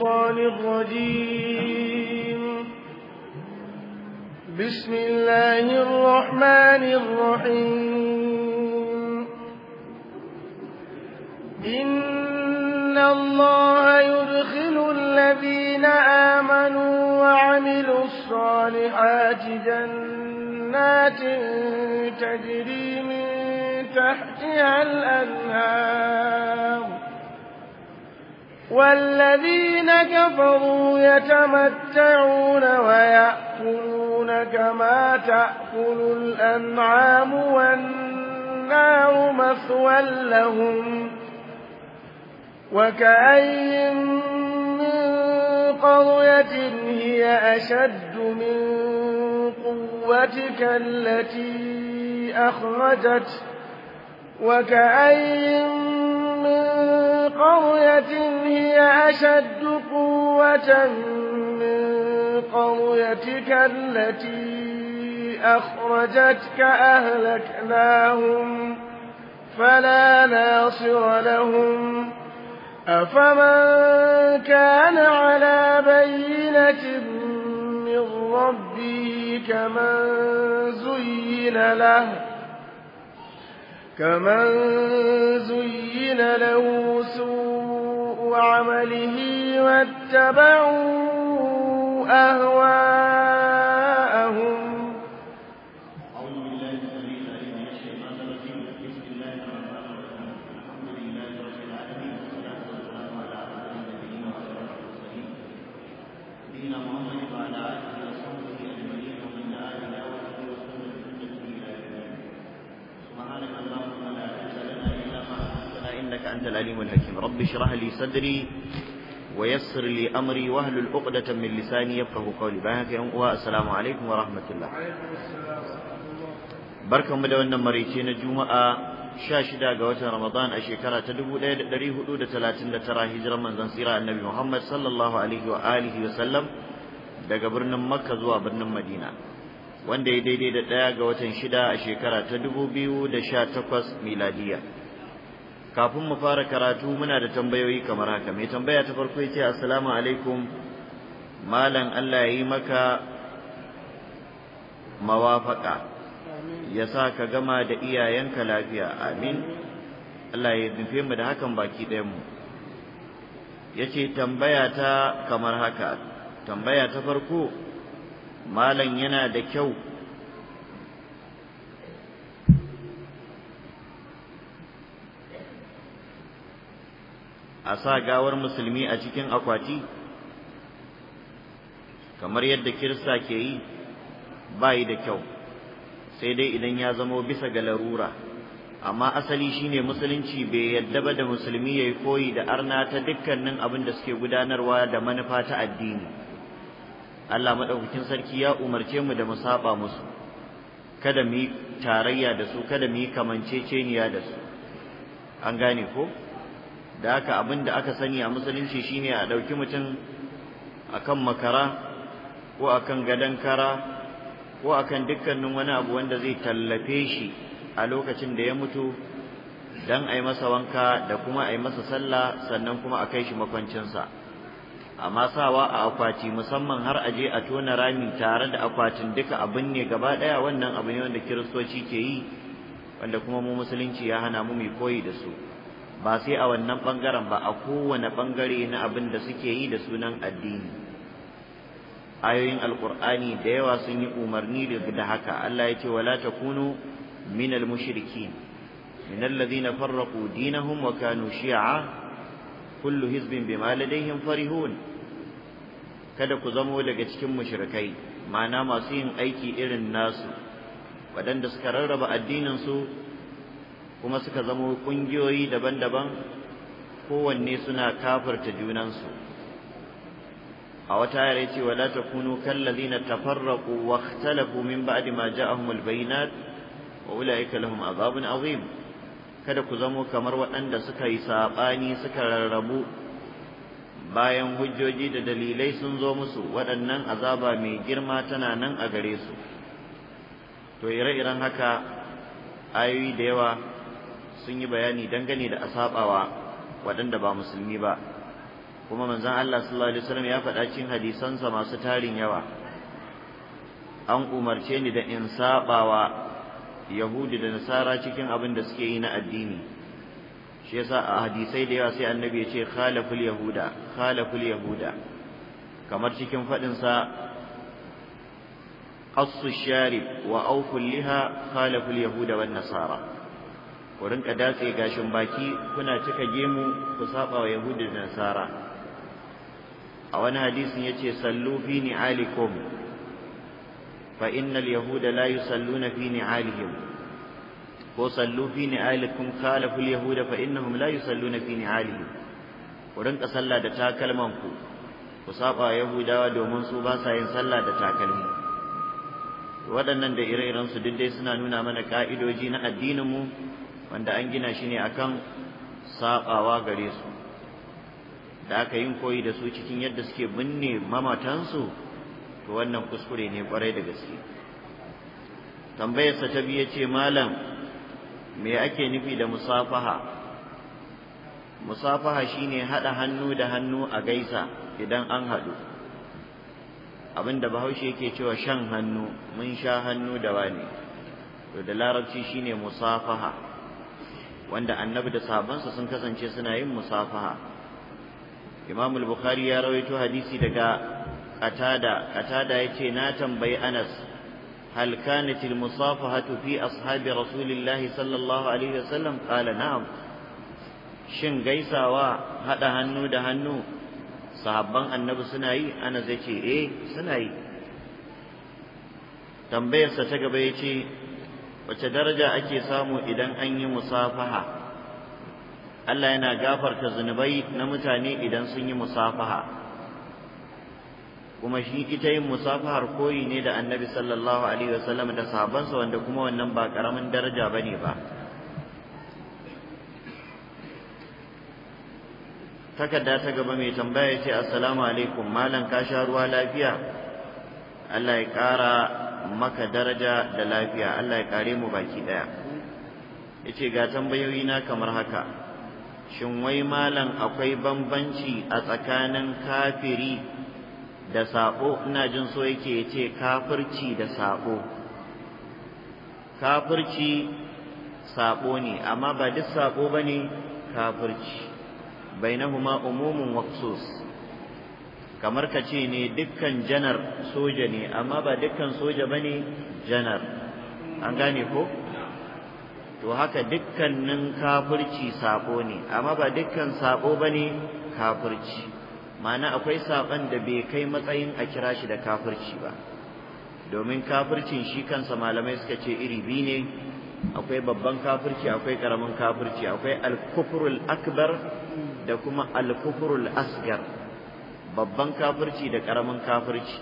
الشيطان الرجيم بسم الله الرحمن الرحيم إن الله يدخل الذين آمنوا وعملوا الصالحات جنات تجري من تحتها الأنهار والذين كفروا يتمتعون ويأكلون كما تأكل الأنعام والنار مثوى لهم وكأي من قرية هي أشد من قوتك التي أخرجت وكأي من قرية هي أشد قوة من قريتك التي أخرجتك أهلكناهم فلا ناصر لهم أفمن كان على بينة من ربه كمن زين له كمن زين له سوء عمله واتبعوا أهواء اشرح لي صدري ويسر لي أمري وهل العقدة من لساني يفقه قولي بهاك السلام عليكم ورحمة الله بركة مدونة مريتين الجمعة شاشدة قوات رمضان أشيكرا تدبو ليد دريه أدودة ثلاثين ترى هجرة من زنصيرة النبي محمد صلى الله عليه وآله وسلم daga birnin Makka zuwa birnin Madina wanda ya daidai da ɗaya ga watan shida a shekara ta dubu biyu da sha takwas miladiya. kafin mu fara karatu muna da tambayoyi kamar haka mai tambaya ta farko yace assalamu alaikum malam Allah ya yi maka mawafaka ya sa ka gama da iyayenka lafiya amin Allah ya dinfe mu da hakan baki ɗayan mu yace tambaya ta kamar haka tambaya ta farko malam yana da kyau a sa gawar musulmi a cikin akwati kamar yadda kirista ke yi ba yi da kyau sai dai idan ya zamo bisa ga larura amma asali shine musulunci bai yadda ba da musulmi ya yi koyi da arna ta dukkanin abin da suke gudanarwa da manufa ta addini Allah maɗaukakin sarki ya umarce mu da mu saba musu kada mu yi tarayya da su kada mu yi kamanceceniya da su an gane ko da haka abin da aka sani a musulunci shine a ɗauki mutum akan makara ko akan gadon kara ko akan dukkanin wani abu wanda zai tallafe shi a lokacin da ya mutu dan ai masa wanka da kuma ai masa sallah sannan kuma a kai shi makwancinsa amma sawa a akwati musamman har aje a tona rami tare da akwatin duka abin ne gaba ɗaya wannan abu ne wanda kiristoci ke yi wanda kuma mu musulunci ya hana mu mai koyi da su ba sai a wannan bangaren ba a kowane ɓangare na abin da suke yi da sunan addini ayoyin Alƙur'ani da yawa sun yi umarni da haka Allah ya ce wala kunu minal mushrikin minal ladina farraqu dinahum wa kanu shi'a kullu hizbin bima ladayhim farihun kada ku zamo daga cikin mushrikai ma'ana masu yin aiki irin nasu waɗanda suka rarraba addininsu kuma suka zamo ƙungiyoyi daban-daban kowanne suna kafarta junansu a wata yare ce wala takunu kallazina tafarraqu wa ikhtalafu min ba'di ma ja'ahumul bayinat wa ulaika lahum azabun azim kada ku zamo kamar waɗanda suka yi saɓani suka rarrabu bayan hujjoji da dalilai sun zo musu waɗannan azaba mai girma tana nan a gare su to ire-iren haka ayoyi da yawa sun yi bayani dangane da asabawa waɗanda ba musulmi ba kuma manzon Allah sallallahu alaihi wasallam ya faɗa cikin hadisansa masu tarin yawa an umarce ni da in sabawa yahudi da nasara cikin abin da suke yi na addini shi yasa a hadisai da yawa sai annabi ya ce khalaful yahuda khalaful yahuda kamar cikin faɗin sa wa wa liha khalafulYahuda, yahuda wan nasara ku rinka datse gashin baki kuna cika gemu ku saba wa yahudi da nasara a wani hadisin yace sallu fi ni'alikum fa innal yahuda la yusalluna fi ni'alihim ko sallu fi ni'alikum khalafu al-yahuda fa innahum la yusalluna fi ni'alihim ku rinka sallah da takalman ku ku saba wa yahudawa domin su ba sa yin sallah da takalmi waɗannan da ire su duk dai suna nuna mana ka'idoji na addininmu wanda an gina shi ne akan saƙawa gare su da aka yin koyi da su cikin yadda suke binne mamatansu to wannan kuskure ne kwarai da gaske tambayarsa ta biyu ce malam me ake nufi da musafaha musafaha shine haɗa hannu da hannu a gaisa idan an haɗu Abin da bahaushe yake cewa shan hannu mun sha hannu da wani to da larabci shine musafaha wanda annabi da sahabbansa sun kasance suna yin musafaha imam al-bukhari ya rawaito hadisi daga qatada qatada yace na tambayi anas hal kanat al-musafahatu fi ashabi rasulillahi sallallahu alaihi wasallam qala na'am shin gaisawa hada hannu da hannu sahabban annabi suna yi anas yace eh suna yi tambayarsa ta gaba yace wace daraja ake samu idan an yi musafaha Allah yana gafarta zunubai na mutane idan sun yi musafaha kuma shi ita yin musafahar koyi ne da annabi sallallahu alaihi wasallam da sahabansa wanda kuma wannan ba karamin daraja ne ba takarda ta gaba mai tambaya ce assalamu alaikum malam ka sha ruwa lafiya Allah ya kara maka daraja da lafiya Allah ya kare mu baki daya yace ga tambayoyi na kamar haka shin wai malam akwai bambanci a tsakanin kafiri da sako ina jin so yake yace kafirci da sako kafirci saƙo ne amma ba duk sako bane kafirci bainahuma umumun waqsus kamar ka ce ne dukkan janar soja ne amma ba dukkan soja ba ne janar an gane ko to haka dukkanin kafirci sabo ne amma ba dukkan sabo ba ne kafirci ma'ana akwai saban da bai kai matsayin a kira shi da kafirci ba domin kafircin shi kansa malamai suka ce iri biyu ne akwai babban kafirci akwai karamin kafirci akwai alkufrul akbar da kuma alkufrul asgar babban kafirci da karamin kafirci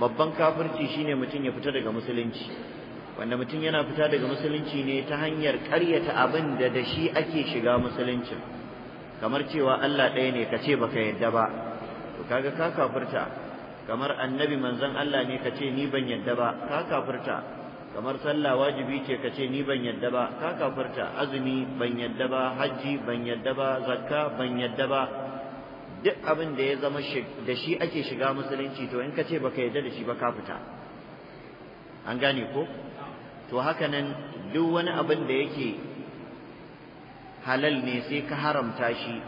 babban kafirci shine mutum ya fita daga musulunci wanda mutum yana fita daga musulunci ne ta hanyar karyata abin da da shi ake shiga musulunci kamar cewa Allah ɗaya ne kace baka yadda ba to kaga ka kafirta kamar annabi manzon Allah ne kace ni ban yadda ba ka kafirta kamar sallah wajibi ce kace ni ban yadda ba ka kafirta azumi ban yadda ba hajji ban yadda ba zakka ban yadda ba duk abin da ya zama da shi ake shiga musulunci to in ka ce baka yarda da shi ba ka fita an gane ko to haka nan duk wani abin da yake halal ne sai ka haramta shi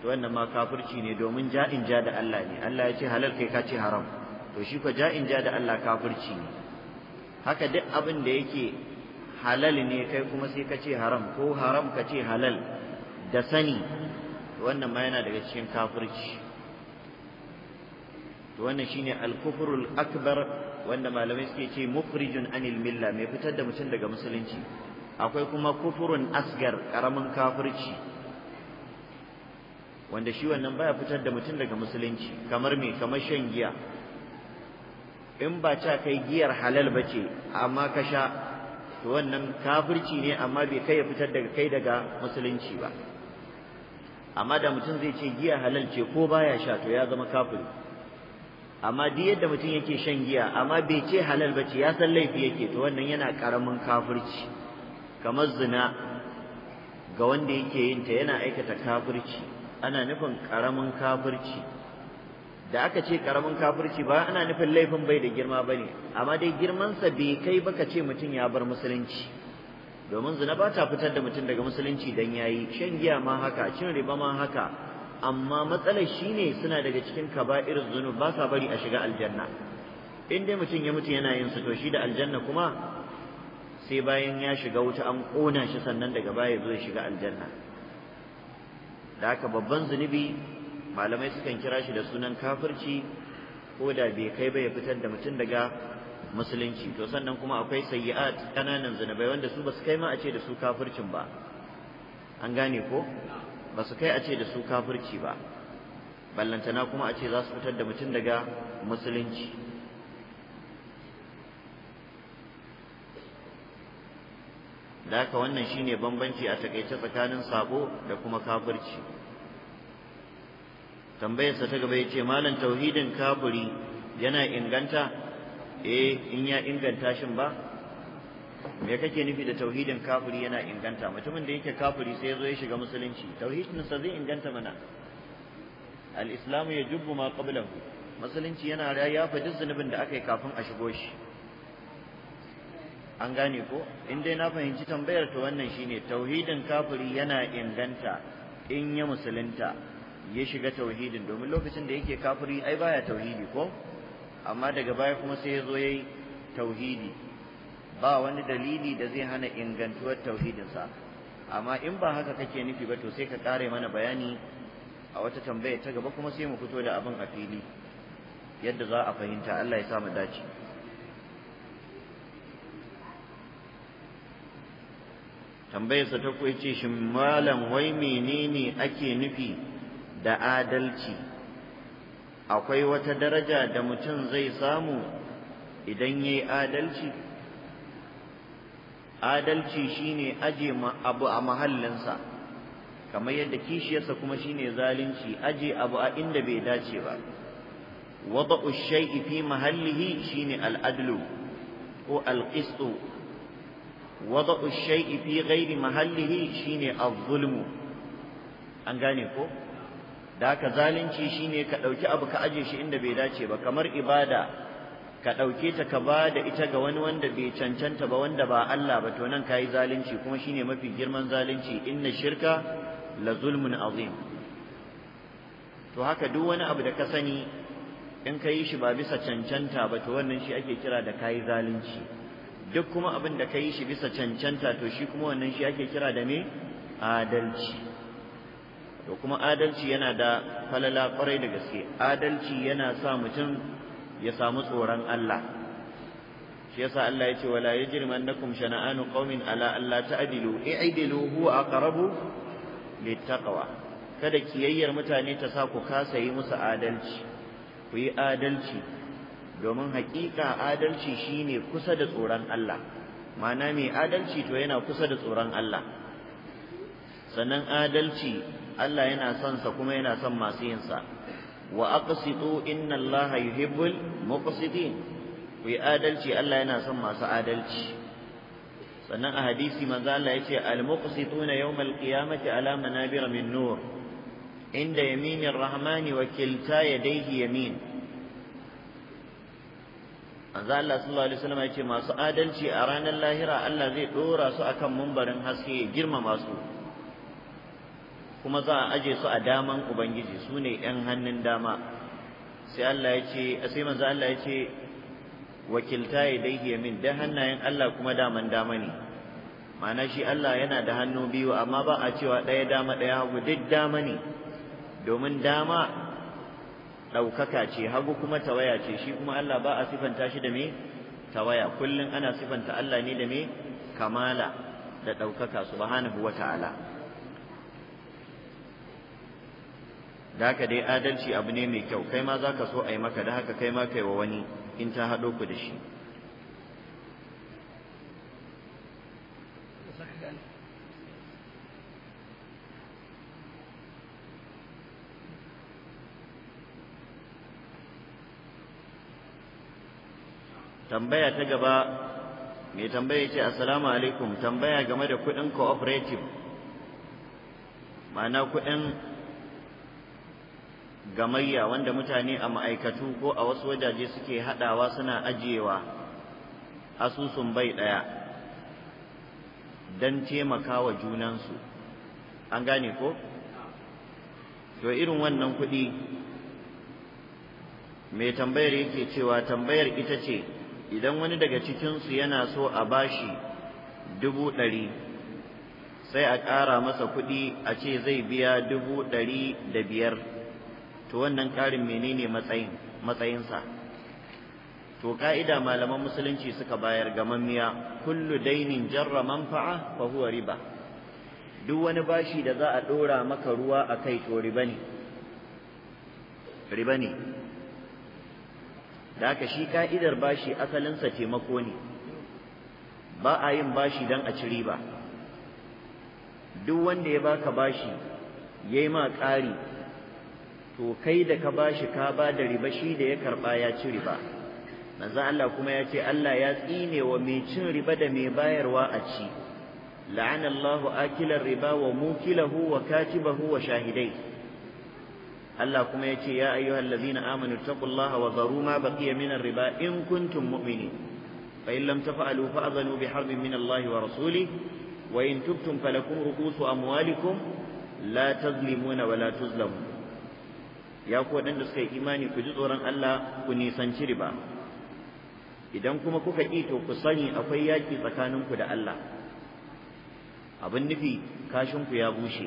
to wannan ma kafirci ne domin ja'in ja da Allah ne Allah ya ce halal kai ka ce haram to shi ko ja'in ja da Allah kafirci ne haka duk abin da yake halal ne kai kuma sai ka ce haram ko haram ka ce halal da sani wannan ma yana daga cikin kafirci to wannan shine al-kufrul akbar wanda malamai suke ce mukhrijun anil milla mai fitar da mutum daga musulunci akwai kuma kufurun asgar karamin kafirci wanda shi wannan baya fitar da mutum daga musulunci kamar me kamar shan giya in ba ca kai giyar halal bace amma ka sha to wannan kafirci ne amma bai kai ya fitar daga kai daga musulunci ba amma da mutum zai ce giya halal ce ko baya sha to ya zama kafiri amma duk yadda mutum yake shan giya amma bai ce halal ba ce ya san laifi yake to wannan yana karamin kafirci kamar zina ga wanda yake yin ta yana aikata kafirci ana nufin karamin kafirci da aka ce karamin kafirci ba ana nufin laifin bai da girma bane amma dai girmansa bai kai ba ka ce mutum ya bar musulunci domin zina ba ta fitar da mutum daga musulunci don ya yi, shan giya ma haka cin riba ma haka amma matsalar shi ne suna daga cikin irin zunub ba sa bari a shiga aljanna in dai mutum ya mutu yana yin su to da aljanna kuma sai bayan ya shiga wuta an ƙona shi sannan daga baya zai shiga aljanna da haka babban zunubi malamai sukan kira shi da sunan kafirci ko da bai kai ba ya fitar da mutum daga musulunci to sannan kuma akwai sayyi'at kananan zunubai wanda su basu kai ma a ce da su kafircin ba an gane ko basu kai a ce da su kafirci ba ballantana kuma a ce za su fitar da mutum daga musulunci da haka wannan shine bambanci a takaice tsakanin sabo da kuma kafirci tambayarsa ta gaba ya ce malam tauhidin kafiri yana inganta eh in ya inganta shin ba me kake nufi da tauhidin kafiri yana inganta mutumin da yake kafiri sai yazo ya shiga musulunci tauhidin sa zai inganta mana al-islam yajubbu ma qablahu musulunci yana ya faɗi zunubin da aka yi kafin a shigo shi an gane ko in dai na fahimci tambayar ta wannan shine tauhidin kafiri yana inganta in ya musulunta ya shiga tauhidin domin lokacin da yake kafiri ai baya tauhidi ko amma daga baya kuma sai ya zo ya yi tauhidi ba wani dalili da zai hana ingantuwar tauhidinsa amma in ba haka kake nufi ba to sai ka kare mana bayani a wata tambaya ta gaba kuma sai mu fito da abin a fili yadda za a fahimta Allah ya sa mu dace tambayarsa ta ce shin malam wai menene ake nufi da adalci akwai wata daraja da mutum zai samu idan ya yi adalci adalci shine aje abu a mahallinsa kamar yadda kishiyarsa kuma shine zalunci aje abu a inda bai dace ba wada'u shay'i fi mahallihi shine al'adlu ko alƙisto. wada'u shay'i fi ghairi mahallihi shine az-zulmu an gane ko da haka zalunci shi ne ka ɗauki abu ka aje shi inda bai dace ba kamar ibada ka ɗauke ta ka ba da ita ga wani wanda bai cancanta ba wanda ba Allah ba to nan kayi zalunci kuma shine mafi girman zalunci inna shirka la zulmun azim to haka duk wani abu da ka sani in ka yi shi ba bisa cancanta ba to wannan shi ake kira da kayi zalunci duk kuma abin da ka yi shi bisa cancanta to shi kuma wannan shi ake kira da me adalci to kuma adalci yana da falala kwarai da gaske adalci yana sa mutum ya samu tsoron Allah shi yasa Allah ya ce wala yajrimannakum shana'anu qaumin ala alla ta'dilu eh, i'dilu huwa aqrabu littaqwa kada kiyayyar mutane ta sa ku kasa yi musu adalci ku yi adalci domin haƙiƙa adalci shine kusa da tsoron Allah ma'ana mai adalci to yana kusa da tsoron Allah sannan adalci Allah yana son sa kuma yana son masu yin sa wa aqsitu inna Allah yuhibbul muqsitin ku yi adalci Allah yana son masu adalci sannan a hadisi manzo Allah yace al muqsituna yawmal qiyamati ala manabira min nur inda yaminir rahmani wa kilta yadayhi yamin manzo Allah sallallahu alaihi wasallam yace masu adalci a ranar lahira Allah zai dora su akan mumbarin haske girmama su kuma za a aje su a daman ubangiji su ne yan hannun dama sai Allah ya ce sai manzo Allah ya ce wakilta dai da hannayen Allah kuma daman dama ne ma'ana shi Allah yana da hannu biyu amma ba a cewa ɗaya dama ɗaya hagu duk dama ne domin dama ɗaukaka ce hagu kuma tawaya ce shi kuma Allah ba a sifanta shi da me tawaya kullum ana sifanta Allah ne da me kamala da ɗaukaka subhanahu wa ta'ala da haka dai adalci abu ne mai kyau kai ma za ka so a yi maka da haka kai ma kai wa wani in ta haɗo ku da shi tambaya ta gaba mai tambaya ce assalamu alaikum tambaya game da kuɗin cooperative ma'ana kuɗin gamayya wanda mutane a ma'aikatu ko a wasu wajaje suke haɗawa suna ajiyewa asusun bai ɗaya don taimaka wa junansu an gane ko to irin wannan kuɗi mai tambayar yake cewa tambayar ita ce idan wani daga cikinsu yana so a bashi dubu ɗari sai a ƙara masa kuɗi a ce zai biya dubu ɗari da biyar to wannan ƙarin menene matsayin matsayinsa to ka'ida malaman musulunci suka bayar ga mamiya kullu dainin jarra manfa'a fa huwa riba duk wani bashi da za a ɗora maka ruwa a kai to riba ne riba ne da haka shi ka'idar bashi asalinsa taimako ne ba a yin bashi don a ci riba duk wanda ya baka bashi ya yi ma ƙari to kai da ka bashi ka ba da riba shi da ya karba ya ci riba manzo Allah kuma ya ce Allah ya tsine wa mai cin riba da mai bayarwa a ci la'ana Allahu akilar riba wa mukilahu wa katibahu wa shahidai Allah kuma ya ce ya ayyuhal ladzina amanu taqullaha wa dharu ma baqiya min riba in kuntum mu'minin fa in lam taf'alu fa'dhanu biharbin min Allahi wa rasuli wa in tubtum falakum rukusu amwalikum la tazlimuna wa la tuzlamun ya ku waɗanda suka yi imani ku ji tsoron Allah ku nisanci riba idan kuma kuka ƙi to ku sani akwai yaƙi tsakaninku da Allah abin nufi kashinku ya bushe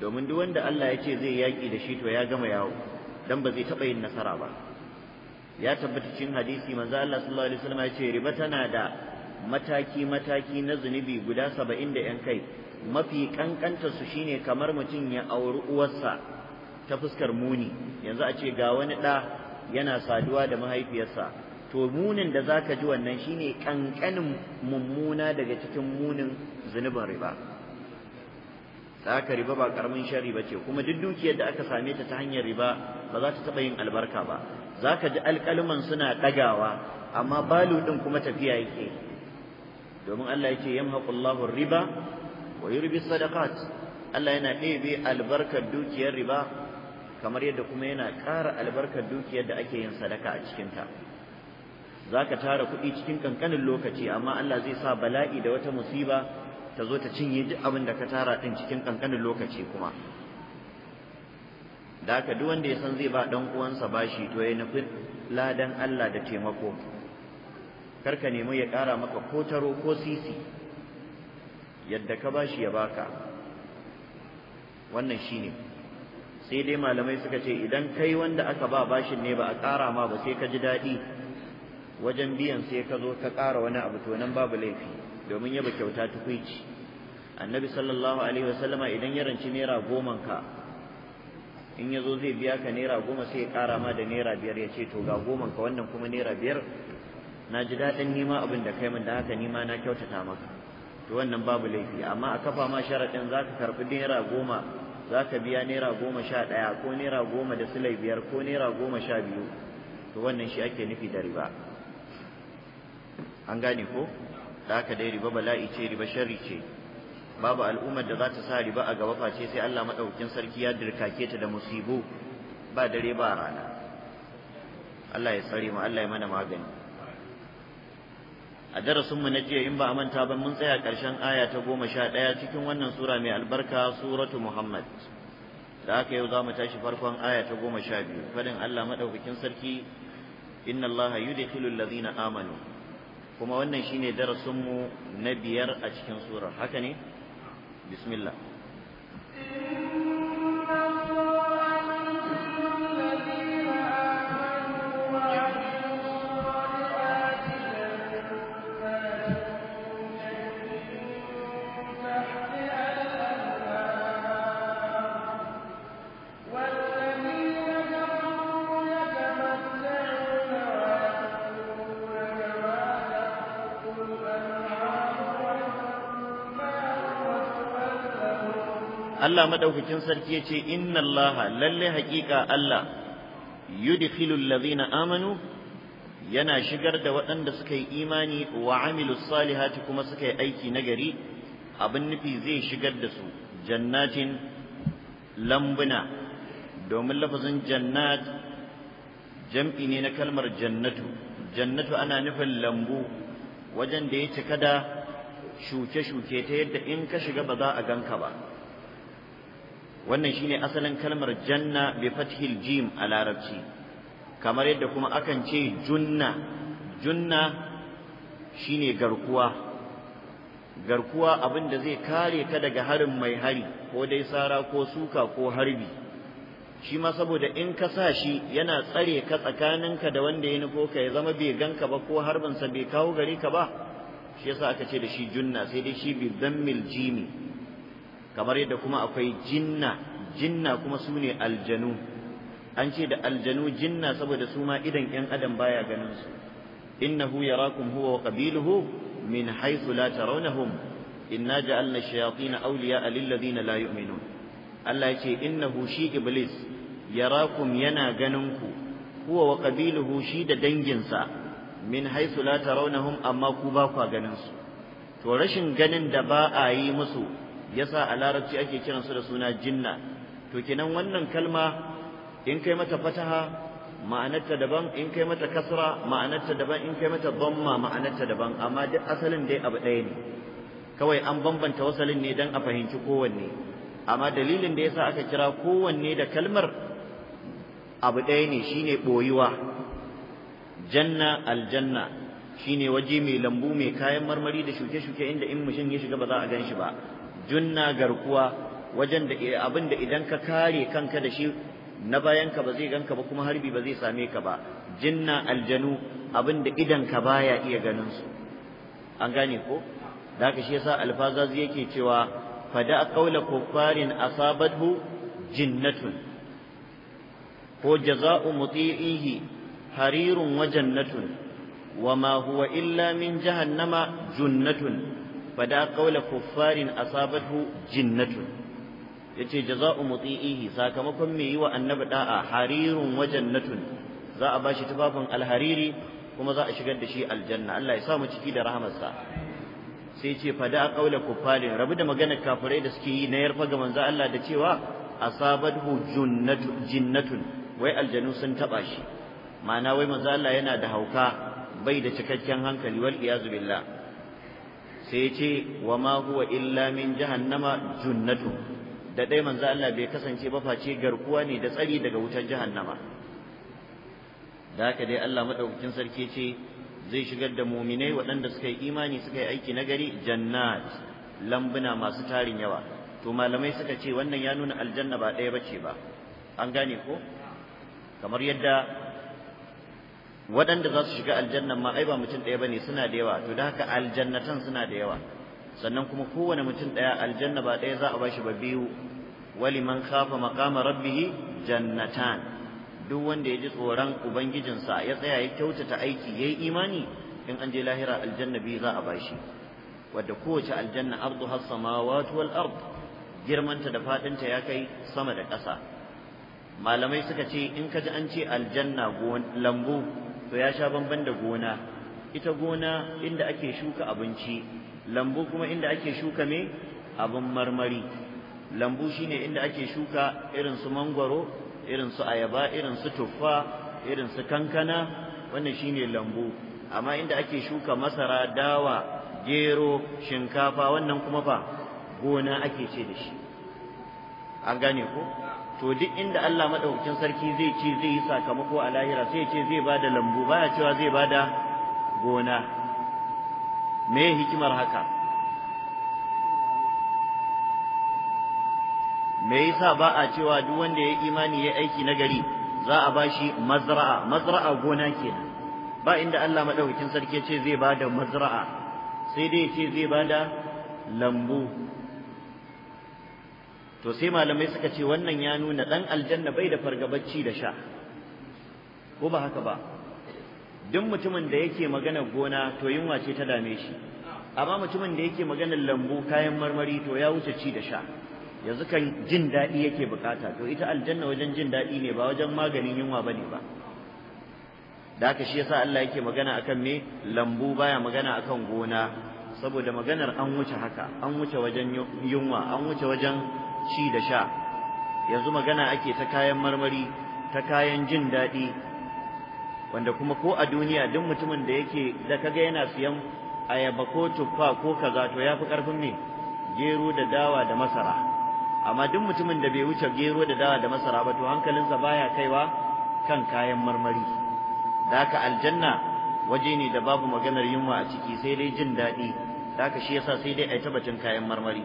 domin duk wanda Allah ya ce zai yaki da shi to ya gama yawo dan ba zai taɓa yin nasara ba ya tabbata cikin hadisi manzo Allah sallallahu alaihi wasallam ya ce riba tana da mataki mataki na zunubi guda saba'in da yan kai mafi kankanta su shine kamar mutum ya auri uwarsa ta fuskar muni yanzu a ce ga wani ɗa yana saduwa da mahaifiyarsa to munin da zaka ji wannan shine kankanin mummuna daga cikin munin zunubin riba ka riba ba karamin shari ba ce kuma duk dukiyar da aka same ta ta hanyar riba ba za ta taɓa yin albarka ba zaka ji alƙalman suna ɗagawa amma balu ɗin kuma tafiya yake domin Allah yake yamhaqullahu riba wa yurbi sadaqat Allah yana ɗebe albarkar dukiyar riba kamar yadda kuma yana ƙara albarkar dukiyar da ake yin sadaka a cikinta za ka tara kuɗi cikin ƙanƙanin lokaci amma Allah zai sa bala'i da wata musiba ta zo ta cinye duk abin da ka tara ɗin cikin ƙanƙanin lokaci kuma da haka duk wanda ya san zai ba dan uwansa bashi to ya nufi ladan Allah da taimako kar ka nemi ya ƙara maka ko taro ko sisi yadda ka bashi ya baka wannan shine ne sai dai malamai suka ce idan kai wanda aka ba bashin ne ba a ƙara ma ba sai ka ji daɗi wajen biyan sai ka zo ka ƙara wani abu to nan babu laifi domin yaba kyauta tukuici annabi sallallahu alaihi wasallama idan ya ranci naira goma ka in ya zo zai biya ka naira goma sai ya ƙara ma da naira biyar ya ce to ga goma ka wannan kuma naira biyar na ji daɗin nima abin da kai min da haka nima na kyautata maka to wannan babu laifi amma a kafa ma sharaɗin za ka karɓi naira goma za ka biya naira goma sha ɗaya ko naira goma da silai biyar ko naira goma sha biyu to wannan shi ake nufi da riba an gane ko da aka dai riba bala'i ce riba sharri ce babu al'ummar da za ta sa riba a gaba face sai Allah maɗaukin sarki ya dirkake ta da musibu ba dare ba rana Allah ya tsare mu Allah ya mana magani a darasinmu na jiya in ba a manta ba mun tsaya ƙarshen aya ta goma sha ɗaya cikin wannan sura mai albarka suratu muhammad da aka yau za mu tashi farkon aya ta goma sha biyu faɗin allah maɗaukakin sarki inna allaha yudkhilu alladhina amanu kuma wannan shine darasinmu na biyar a cikin surar haka ne bismillah Allah madaukakin sarki yace inna Allah lalle haƙiƙa Allah yudkhilu allazina amanu yana shigar da waɗanda suka yi imani wa amilu salihati kuma suka yi aiki nagari abin nufi zai shigar da su jannatin lambuna domin lafazin jannat jam'i ne na kalmar jannatu jannatu ana nufin lambu wajen da ya cika da shuke-shuke ta yadda in ka shiga ba za a ganka ba wannan shine asalin kalmar janna bi fathil jim a larabci kamar yadda kuma akan ce junna junna shine garkuwa garkuwa abin da zai kare ka daga harin mai hari ko dai sara ko suka ko harbi shi ma saboda in ka sa shi yana tsare ka tsakaninka da wanda ya nufo ka ya zama bai ganka ba ko harbinsa bai kawo gare ka ba shi yasa aka ce da shi junna sai dai shi bi zammil jimi kamar yadda kuma akwai jinna jinna kuma su ne aljanu an ce da aljanu jinna saboda su ma idan yan adam baya ganin su innahu yarakum huwa wa qabiluhu min haythu la tarawnahum inna ja'alna shayatin awliya'a lil ladina la yu'minun Allah ya ce innahu shi iblis yarakum yana ganin ku huwa wa qabiluhu shi da danginsa min haythu la tarawnahum amma ku ba ku ganin su to rashin ganin da ba a yi musu yasa a larabci ake kiransu da suna jinna to kenan wannan kalma in kai mata fataha ma'anarta daban in kai mata kasra ma'anarta daban in kai mata dhamma ma'anarta daban amma duk asalin dai abu ɗaya ne kawai an bambanta wasalin ne dan a fahimci kowanne amma dalilin da yasa aka kira kowanne da kalmar abu ɗaya ne shine boyuwa janna aljanna shine waje mai lambu mai kayan marmari da shuke-shuke inda in mushin ya shiga ba za a gan shi ba junna garkuwa wajen da abin da idan ka kare kanka da shi na bayanka ba zai ganka ba kuma harbi ba zai same ka ba jinna aljanu abin da idanka baya iya ganin su an gane ko da haka shi yasa alfazazi yake cewa fada qaula kuffarin asabathu jinnatun ko jaza'u muti'ihi harirun wa jannatun ma huwa illa min jahannama junnatun fada qaula kuffarin asabathu jinnatun yace jaza'u muti'ihi sakamakon me yi wa annabi da'a harirun wa jannatun za a bashi tufafin alhariri kuma za a shigar da shi aljanna Allah ya sa mu ciki da rahamarsa sai ce fada qaula kuffarin rabu da maganar kafirai da suke yi na yarfa ga manza Allah da cewa asabathu jinnatun wai aljanu sun taɓa shi ma'ana wai manzo Allah yana da hauka bai da cikakken hankali wal iyazu sai ce wa ma huwa illa min jahannama junnatu da dai manzo Allah bai kasance ba face garkuwa ne da tsari daga wutar jahannama da haka dai Allah madaukakin sarki ce zai shigar da muminai waɗanda suka yi imani suka yi aiki na gari jannat lambuna masu tarin yawa to malamai suka ce wannan ya nuna aljanna ba ɗaya bace ba an gane ko kamar yadda waɗanda za su shiga aljannan ma ai ba mutum ɗaya bane suna da yawa to da haka aljannatan suna da yawa sannan kuma kowane mutum ɗaya aljanna ba ɗaya za a bashi ba biyu waliman kafa maƙama rabbih jannatan duk wanda ya ji tsoron ubangijinsa ya tsaya ya kyautata aiki yayi imani in an je lahira aljanna biyu za a bashi wadda kowace aljanna arduha samawati wal ard girmanta da faɗinta ya kai sama da ƙasa malamai suka ce in ka ji an ce aljanna lambu to ya sha bamban da gona ita gona inda ake shuka abinci lambu kuma inda ake shuka me abin marmari lambu shine inda ake shuka irin su mangwaro irin su ayaba irin su tuffa irin su kankana wannan shine lambu amma inda ake shuka masara dawa gero shinkafa wannan kuma fa gona ake ce da shi an gane ko to duk inda Allah madaukakin sarki zai ce zai yi sakamako a lahira sai ya ce zai bada lambu baya cewa zai bada gona me hikimar haka me yasa ba a cewa duk wanda ya imani ya aiki na gari za a bashi mazra'a mazra'a gona kenan ba inda Allah madaukakin sarki ya ce zai bada mazra'a sai dai ya ce zai bada lambu to sai malamai suka ce wannan ya nuna dan aljanna bai da fargabacci da sha ko ba haka ba duk mutumin da yake magana gona to yunwa ce ta dame shi amma mutumin da yake maganar lambu kayan marmari to ya wuce ci da sha yanzu kan jin daɗi yake bukata to ita aljanna wajen jin daɗi ne ba wajen maganin yunwa bane ba da haka shi yasa Allah yake magana akan me lambu baya magana akan gona saboda maganar an wuce haka an wuce wajen yunwa an wuce wajen ci da sha yanzu magana ake ta kayan marmari ta kayan jin daɗi wanda kuma ko a duniya duk mutumin da yake da kaga yana siyan ayaba ko tuffa ko kaza to yafi karfin me gero da dawa da masara amma duk mutumin da bai wuce gero da dawa da masara ba to hankalinsa baya kaiwa kan kayan marmari da haka aljanna waje ne da babu maganar yunwa a ciki sai dai jin daɗi da haka shi yasa sai dai a yi kayan marmari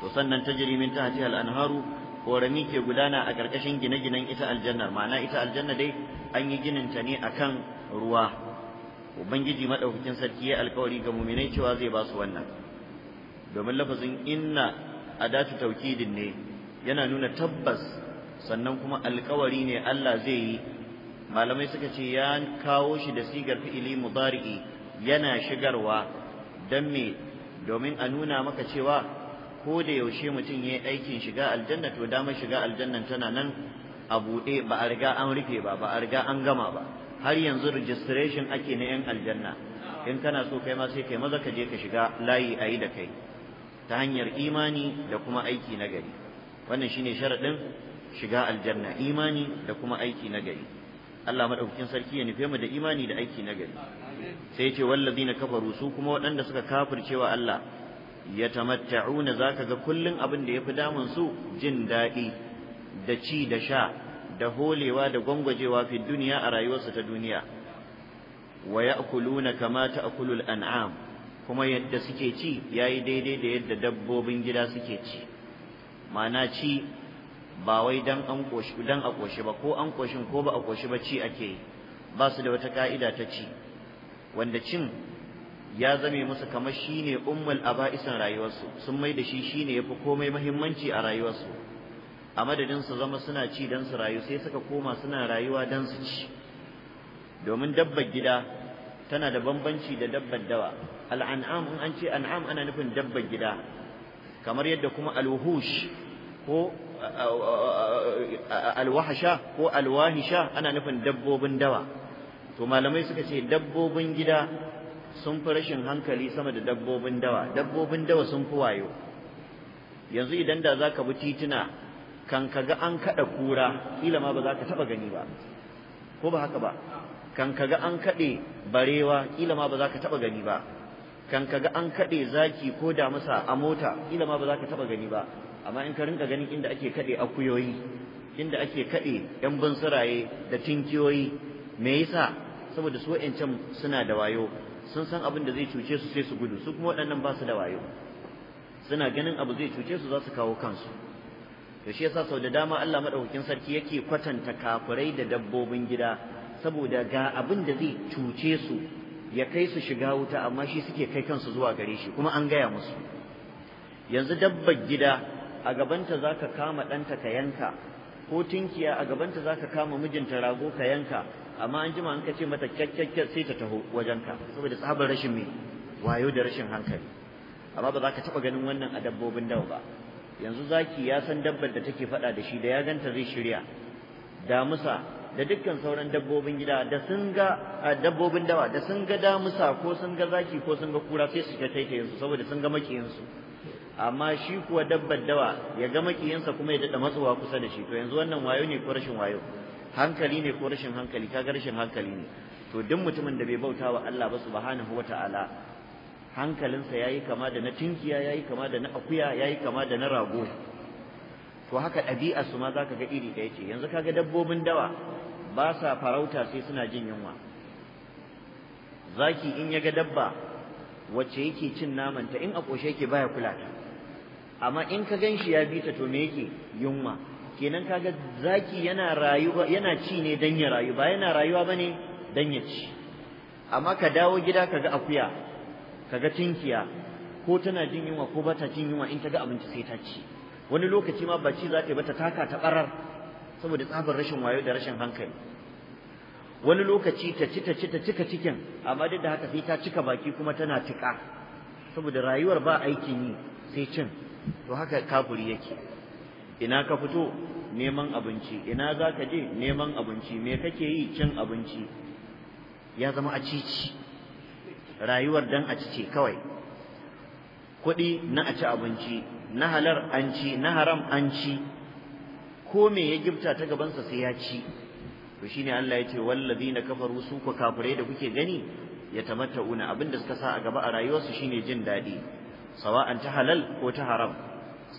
to sannan tajri min tahtiha al-anharu korami ke gudana a karkashin gine-ginen ita aljannar ma'ana ita aljanna dai an yi ginin ta ne akan ruwa ubangiji madaukakin sarki ya alkawari ga muminai cewa zai ba su wannan domin lafazin inna adatu taukidin ne yana nuna tabbas sannan kuma alkawari ne Allah zai yi malamai suka ce ya kawo shi da sigar fi'ili mudari'i yana shigarwa dan me domin a nuna maka cewa ko da yaushe mutum ya yi aikin shiga aljanna to damar shiga aljanna tana nan a buɗe ba a riga an rufe ba ba a riga an gama ba har yanzu registration ake na yan aljanna in kana so kai ma sai kai maza ka je ka shiga layi ayi da kai ta hanyar imani da kuma aiki na gari wannan shine sharaɗin shiga aljanna imani da kuma aiki na gari Allah madaukakin sarki ya nufe mu da imani da aiki na gari sai ya ce wallazina kafaru su kuma waɗanda suka kafircewa Allah yatamatta'una zaka ga kullum abin da yafi damun su jin daɗi da ci da sha da holewa da gwangwajewa fi duniya a rayuwarsu ta duniya wa ya'kuluna kama ta'kulu al-an'am kuma yadda suke ci yayi daidai da yadda dabbobin gida suke ci ma'ana ci ba wai dan a ƙoshi ba ko an koshin ko ba a koshi ba ci ake yi ba su da wata ka'ida ta ci wanda cin ya zame musu kamar shine ummul isan rayuwarsu sun mai da shi shi ne ya fi komai mahimmanci a rayuwarsu a madadin su zama suna ci dan su rayu sai suka koma suna rayuwa dan su ci domin dabbar gida tana da bambanci da dabbar dawa al'an'am in an ce an'am ana nufin dabbar gida kamar yadda kuma alwuhush ko alwahasha ko alwahisha ana nufin dabbobin dawa to malamai suka ce dabbobin gida sun fi rashin hankali sama da dabbobin dawa dabbobin dawa sun fi wayo yanzu idan da zaka bi tituna kan kaga an kada kura kila ma ba za ka taba gani ba ko ba haka ba kan kaga an kade barewa kila ma ba za ka taba gani ba kan kaga an kade zaki ko da masa a mota kila ma ba za ka taba gani ba amma in ka rinka ganin inda ake kade akuyoyi inda ake kade yan bunsuraye da tinkiyoyi me yasa saboda su wayancan suna da wayo sun san abin da zai cuce su sai su gudu su kuma waɗannan ba su da wayo suna ganin abu zai cuce su za su kawo kansu to shi yasa sau da dama Allah madaukakin sarki yake kwatanta kafirai da dabbobin gida saboda ga abin da zai cuce su ya kai su shiga wuta amma shi suke kai kansu zuwa gare shi kuma an gaya musu yanzu dabbar gida a gabanta zaka kama ɗanta ka yanka ko tunkiya a gabanta zaka kama mijinta rago ka yanka amma an jima an ka mata kyakkyakkyar sai ta taho wajenka saboda tsabar rashin mai wayo da rashin hankali amma ba za ka taɓa ganin wannan a dabbobin dawa ba yanzu zaki ya san dabbar da take faɗa da shi da ya ganta zai shirya damusa da dukkan sauran dabbobin gida da sun ga dabbobin dawa da sun ga damusa ko sun ga zaki ko sun ga kura sai su ta taita yanzu saboda sun ga makiyansu amma shi kuwa dabbar dawa ya ga makiyansa kuma ya daɗa matsuwa kusa da shi to yanzu wannan wayo ne ko rashin wayo hankali ne ko rashin hankali kaga rashin hankali ne to duk mutumin da bai bauta wa Allah ba subhanahu wataala hankalinsa yayi kama da na tinkiya yayi kama da na akuya yayi kama da na rago to haka ɗabi'a su ma zaka ga iri ɗaya ce yanzu kaga dabbobin dawa ba sa farauta sai suna jin yunwa zaki in ya ga dabba wacce yake cin namanta in a koshe yake baya kula ta amma in ka gan shi ya bi ta to me yake yunwa kenan kaga zaki yana rayuwa yana ci ne dan ya rayu ba yana rayuwa bane dan ya ci amma ka dawo gida kaga akuya kaga tinkiya ko tana jin yunwa ko bata jin yunwa in ta ga abinci sai ta ci wani lokaci ma ba ci za ta yi bata taka ta barar saboda tsabar rashin wayo da rashin hankali wani lokaci ta ci ta ci ta cika cikin amma duk da haka sai ta cika baki kuma tana tika saboda rayuwar ba aikin yi sai cin to haka kafuri yake ina ka fito neman abinci ina za ka je neman abinci me kake yi cin abinci ya zama a cici rayuwar dan a cice kawai kuɗi na a ci abinci na halar an ci na haram an ci ko me ya gifta ta gabansa sai ya ci to shine Allah ya ce na kafaru su ku kafirai da kuke gani ya una abinda suka sa a gaba a rayuwarsu shine jin daɗi sawa'an ta halal ko ta haram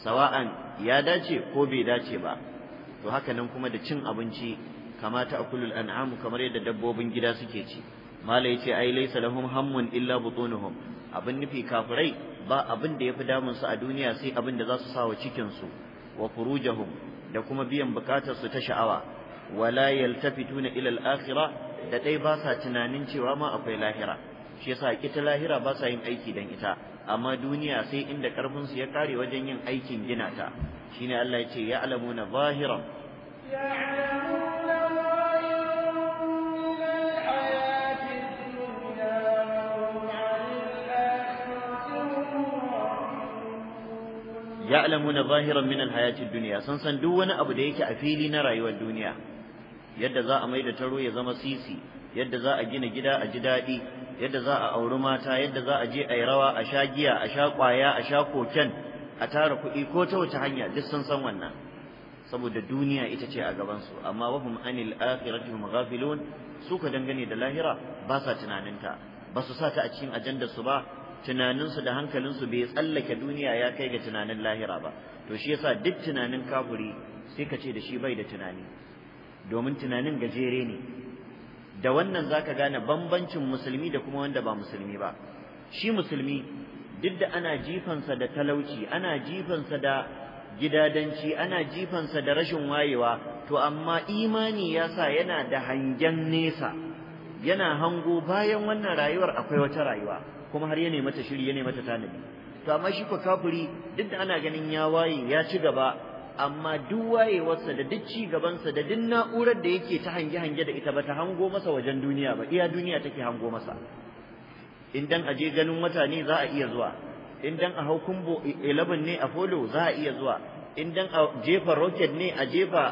sawa'an ya dace ko bai dace ba to haka nan kuma da cin abinci kamata a akulul an'amu kamar yadda dabbobin gida suke ci malai yace ai laysa lahum hammun illa butunuhum abin nufi kafirai ba abin da yafi damun su a duniya sai abin da za su sawa cikin su wa furujahum da kuma biyan bukatar su ta sha'awa wala yaltafituna ila al-akhirah da dai ba sa tunanin cewa ma akwai lahira shi yasa kita lahira ba sa yin aiki dan ita amma duniya sai inda karfin su ya kare wajen yin aikin gina ta shine Allah ya ce ya'lamuna zahiran ya'lamuna zahiran min alhayati dunya san san duk wani abu da yake a fili na rayuwar duniya yadda za a mai da taro ya zama sisi yadda za a gina gida a ji dadi yadda za a auri mata yadda za a je a yi rawa a sha giya a sha kwaya a sha koken a tara kuɗi ko ta wata hanya duk sun san wannan saboda duniya ita ce a gabansu amma hum anil akhirati hum ghafilun su ka dangane da lahira ba sa ta ba su sa ta a cikin ajandar su ba tunaninsu da hankalin su bai tsallake duniya ya kai ga tunanin lahira ba to shi yasa duk tunanin kafuri sai ka ce da shi bai da tunani domin tunanin gajere ne da wannan zaka gane bambancin musulmi da kuma wanda ba musulmi ba shi musulmi duk da ana jifansa da talauci ana jifansa da gidadanci ana jifansa da rashin wayewa to amma imani ya sa yana da hangen nesa yana hango bayan wannan rayuwar akwai wata rayuwa kuma har ya mata shiri ya mata tanadi to amma shi ko kafiri duk da ana ganin ya waye ya ci gaba amma duk wayewarsa da duk ci gabansa da duk na'urar da yake ta hange-hange da ita ba ta hango masa wajen duniya ba iya duniya take hango masa in dan aje ganin mutane za a iya zuwa in dan a hau kumbo 11 ne a folo, za a iya zuwa in dan a jefa rocket ne a jefa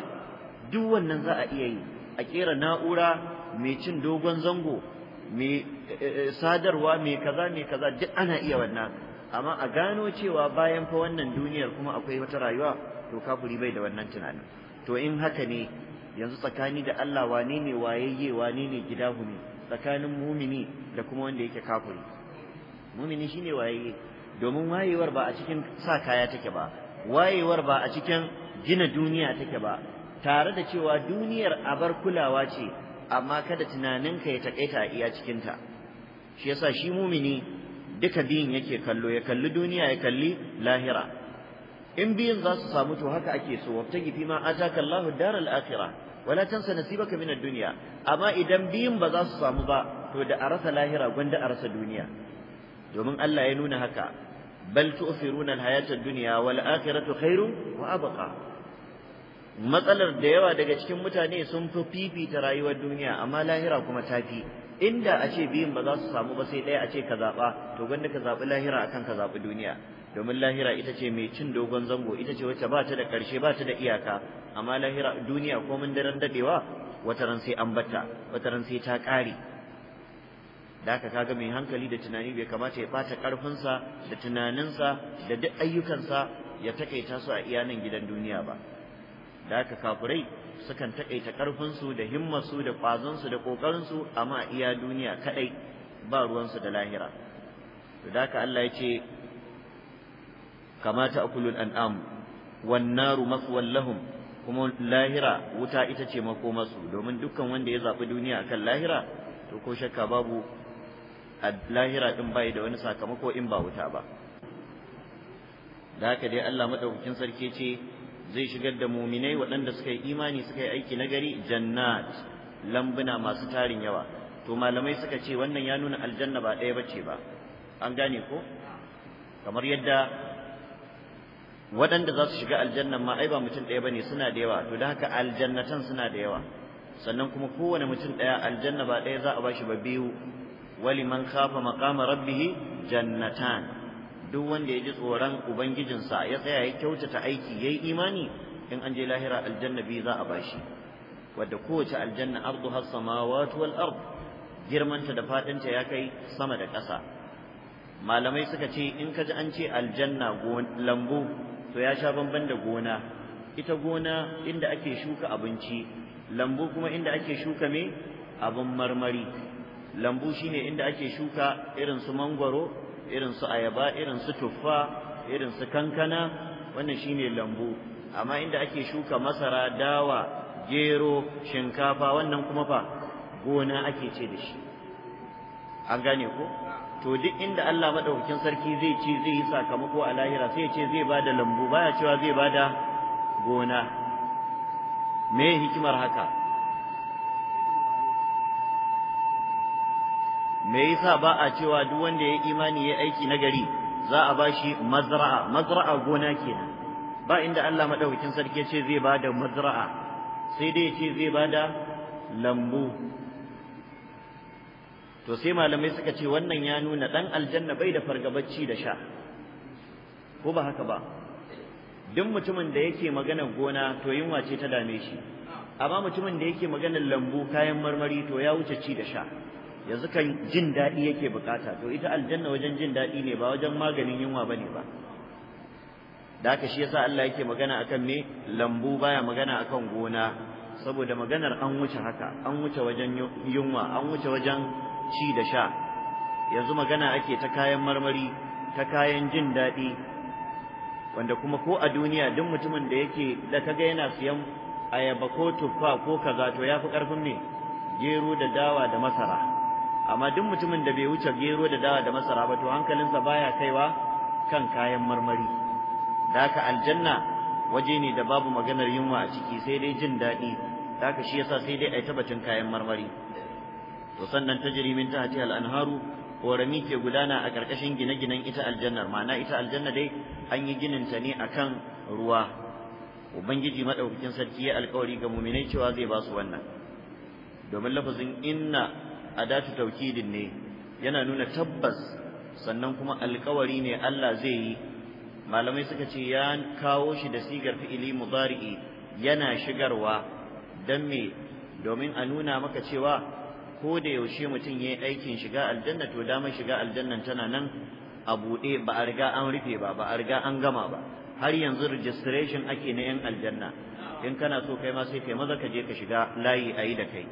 duk wannan za a iya yi a kera na'ura mai cin dogon zango mai eh, eh, sadarwa mai kaza mai kaza duk ana iya wannan amma a gano cewa bayan fa wannan duniyar kuma akwai wata rayuwa to kafiri bai da wannan tunanin to in haka ne yanzu tsakani da Allah wane ne wayayye wane ne gidahu ne tsakanin mumini da kuma wanda yake kafiri mumini shine wayayye domin wayewar ba a cikin sa kaya take ba wayewar ba a cikin gina duniya take ba tare da cewa duniyar abar kulawa ce amma kada tunaninka ya taƙaita a iya cikinta shi yasa shi mumini duka biyun yake kallo ya kalli duniya ya kalli lahira in biyun za su samu to haka ake so wata gifi ma a taka Allahu daral akhirah wala tansa nasibaka min ad-dunya amma idan biyun ba za su samu ba to da a rasa lahira gwanda a rasa duniya domin Allah ya nuna haka bal tu'thiruna al-hayata ad-dunya wal akhiratu khairun wa abqa matsalar da yawa daga cikin mutane sun fi fifita rayuwar duniya amma lahira kuma ta fi inda a ce biyun ba za su samu ba sai ɗaya a ce ka zaɓa to gwanda ka zaɓi lahira akan ka zaɓi duniya domin lahira ita ce mai cin dogon zango ita ce wacce ba ta da ƙarshe ba ta da iyaka amma lahira duniya ko daren daɗewa, wata ran sai an bata wata ran sai ta ƙare da haka kaga mai hankali da tunani bai kamata ya ɓata ƙarfinsa da tunaninsa da duk ayyukansa ya takaita su a iyanan gidan duniya ba da haka kafurai sukan taƙaita ƙarfinsu da himmarsu da ƙwazonsu da ƙoƙarinsu amma iya duniya kaɗai ba ruwansu da lahira to da haka Allah ya ce kamata kama ta'kulul an'am wan naru maswal lahum kuma lahira wuta ita ce makomarsu domin dukkan wanda ya zaɓi duniya akan lahira to ko shakka babu lahira din bai da wani sakamako in ba wuta ba da haka dai Allah madaukakin sarki ce zai shigar da muminai waɗanda suka yi imani suka yi aiki na gari janna lambuna masu tarin yawa to malamai suka ce wannan ya nuna aljanna ba ɗaya ce ba an gane ko kamar yadda waɗanda za su shiga aljannan ma ai ba mutum ɗaya bane suna da yawa to da haka aljannatan suna da yawa sannan kuma kowane mutum ɗaya aljanna ba ɗaya za a bashi ba biyu wali man khafa maqama rabbihi jannatan duk wanda ya ji tsoron ubangijinsa ya tsaya ya kyautata aiki yayi imani in an je lahira aljanna biyu za a shi. wadda kowace aljanna arduha samawati wal ard girmanta da faɗinta ya kai sama da ƙasa malamai suka ce in ka ji an ce aljanna lambu to ya sha bamban da gona ita gona inda ake shuka abinci lambu kuma inda ake shuka me abin marmari lambu shine inda ake shuka irin su mangwaro irin su ayaba irin su tuffa irin su kankana wannan shine lambu amma inda ake shuka masara dawa gero shinkafa wannan kuma fa gona ake ce da shi an gane ko to duk inda Allah madaukakin sarki zai ci zai yi sakamako a lahira sai ya ce zai bada lambu baya cewa zai bada gona me hikimar haka me yasa ba a cewa duk wanda ya imani ya aiki nagari za a bashi mazra'a mazra'a gona kenan ba inda Allah madaukakin sarki ya ce zai bada mazra'a sai dai ya ce zai bada lambu to sai malamai suka ce wannan ya nuna dan aljanna bai da fargabacci da sha ko ba haka ba duk mutumin da yake maganar gona to yunwa ce ta dame shi amma mutumin da yake maganar lambu kayan marmari to ya wuce ci da sha yanzu kan jin daɗi yake bukata to ita aljanna wajen jin daɗi ne ba wajen maganin yunwa bane ba da haka shi yasa Allah yake magana akan me lambu baya magana akan gona saboda maganar an wuce haka an wuce wajen yunwa an wuce wajen ci da sha yanzu magana ake ta kayan marmari ta kayan jin daɗi wanda kuma ko a duniya duk mutumin da yake da kaga yana siyan ayaba ko tuffa ko kaza to ya fi ƙarfin ne gero da dawa da masara amma duk mutumin da bai wuce gero da dawa da masara ba to hankalinsa baya kaiwa kan kayan marmari da haka aljanna waje ne da babu maganar yunwa a ciki sai dai jin daɗi da haka shi yasa sai dai a yi kayan marmari to sannan tajri min tahtiha al-anharu korami ke gudana a ƙarƙashin gine-ginen ita aljannar ma'ana ita aljanna dai an yi ginin ta ne akan ruwa ubangiji madaukakin sarki ya alƙawari ga muminai cewa zai ba su wannan domin lafazin inna adatu taukidin ne yana nuna tabbas sannan kuma alƙawari ne Allah zai yi malamai suka ce ya kawo shi da sigar fi'ili mudari'i yana shigarwa Don me domin a nuna maka cewa ko da yaushe mutum ya yi aikin shiga aljanna to damar shiga aljannan tana nan a buɗe ba a riga an rufe ba ba a riga an gama ba har yanzu registration ake na yan aljanna in kana so kai ma sai kai maza ka je ka shiga layi ayi da kai